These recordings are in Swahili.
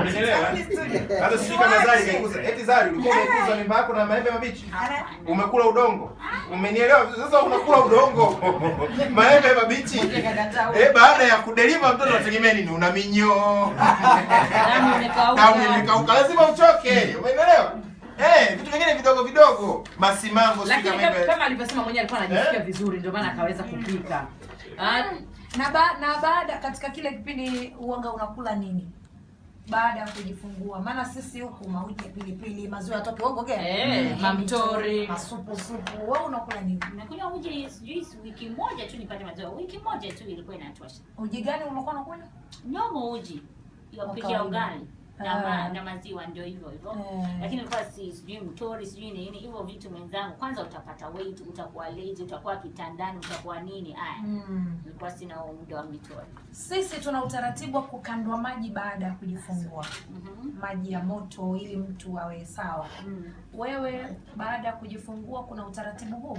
Unanielewa? Eh? Hata sisi kama Zari Eti Zari ulikuwa mimba yako na maembe mabichi. Umekula udongo. Umenielewa? Sasa unakula udongo. Maembe mabichi. Eh, baada ya kudeliva mtoto unategemea nini? Una minyoo. Damu imekauka. Damu imekauka. Lazima uchoke. Umeelewa? Eh, vitu vingine vidogo vidogo. Masimango sio kama hivyo. Kama alivyosema mwenyewe alikuwa anajisikia eh? vizuri ndio maana akaweza kupika. Ah, na ba, na baada katika kile kipindi uoga unakula nini? baada ya kujifungua, maana sisi huku mauji ya pilipili mazuri atoke uongo gani? Eh, mamtori masupu supu. Wewe unakula nini? nakunywa uji sijui wiki moja tu nipate maziwa, wiki moja tu ilikuwa inatosha. Uji gani unakuwa unakula? nyomo uji ya kupikia ugali na, ma, ah. na maziwa ndio hivyo hivyo yeah. Lakini kwa si sijui mtori sijui nini hivyo vitu mwenzangu, kwanza utapata weight, utakuwa lazy, utakuwa kitandani, utakuwa nini. Aya, mm. Nilikuwa sina muda wa mitori. Sisi tuna utaratibu wa kukandwa maji baada ya kujifungua mm -hmm. Maji ya moto ili mtu awe sawa mm. Wewe baada ya kujifungua kuna utaratibu huu?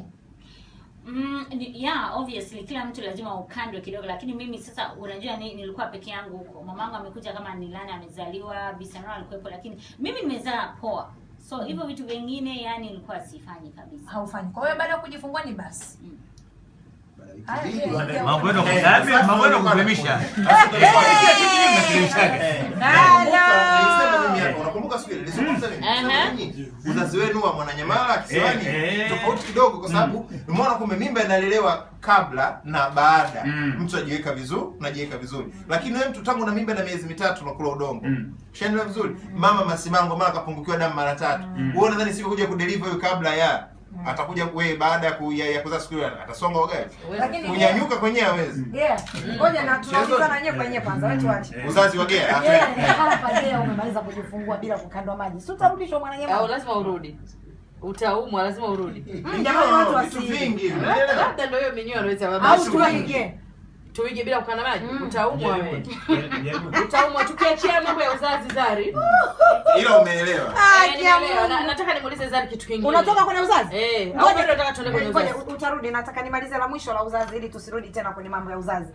Mm, yeah, obviously kila mtu lazima ukandwe kidogo, lakini mimi sasa, unajua ni, nilikuwa peke yangu huko. Mamangu amekuja kama Nilani amezaliwa, Bisanara alikuwepo, lakini mimi nimezaa poa. So mm. hivyo vitu vingine yani nilikuwa sifanyi kabisa. Haufanyi. Kwa hiyo baada ya kujifungua ni basi. Mm. Mambo yenu mambo yenu kuelimisha. Uzazi wenu wa Mwananyamala eh, Kisiwani eh. tofauti kidogo, kwa sababu umeona mm. kumbe mimba inalelewa kabla na baada. Mm. Mtu ajiweka vizuri, unajiweka vizuri, lakini wewe mtu tangu na mimba na miezi mitatu unakula udongo, mm. ushaendelea vizuri. Mama masimango mara kapungukiwa damu mara tatu, wewe unadhani siku kuja kudeliver hiyo kabla ya Mm. atakuja wewe eh, baada ya ya kuzaa siku atasonga ugali. Kunyanyuka eh, kwenyewe hawezi. Ngoja mm. na tunaanza na yeye kwenyewe kwanza wewe mm. tuache. Eh. Uzazi wa gea. Kama pagea umemaliza kujifungua bila kukandwa maji. Si utarudishwa mwananyama. Au lazima urudi. Utaumwa lazima urudi. Jamaa watu wasi. Labda ndio hiyo minyoo anaweza baba. Au tuingie tuige bila kukana maji mm. Utaumwa wewe, utaumwa. Tukiachia mambo ya uzazi Zari, ila umeelewa. Ah, eh, nataka nimuulize Zari kitu kingine. Unatoka kwenye uzazi eh, au bado unataka tuende kwenye uzazi? Utarudi. Nataka nimalize la mwisho la uzazi ili tusirudi tena kwenye mambo ya uzazi.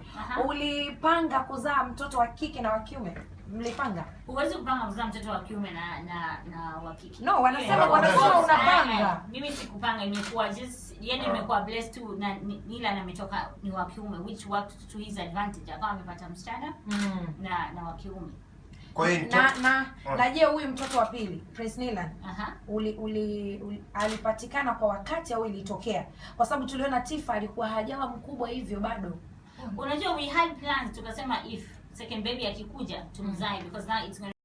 Ulipanga kuzaa mtoto wa kike na wa kiume? Mlipanga? Huwezi kupanga kuzaa mtoto wa kiume na na na wa kike. No, wanasema yeah, wanasema unapanga kupanga imekuwa just yani ah. imekuwa blessed tu na Nila na ni wa kiume which worked to his advantage, akawa amepata msichana mm. na na wa kiume. na na ah. naje na huyu mtoto wa pili Prince Nila uli, uli, uli, alipatikana kwa wakati au ilitokea? Kwa sababu tuliona Tifa alikuwa hajawa mkubwa hivyo bado. Unajua we had plans tukasema if second baby akikuja tumzae hmm. because now it's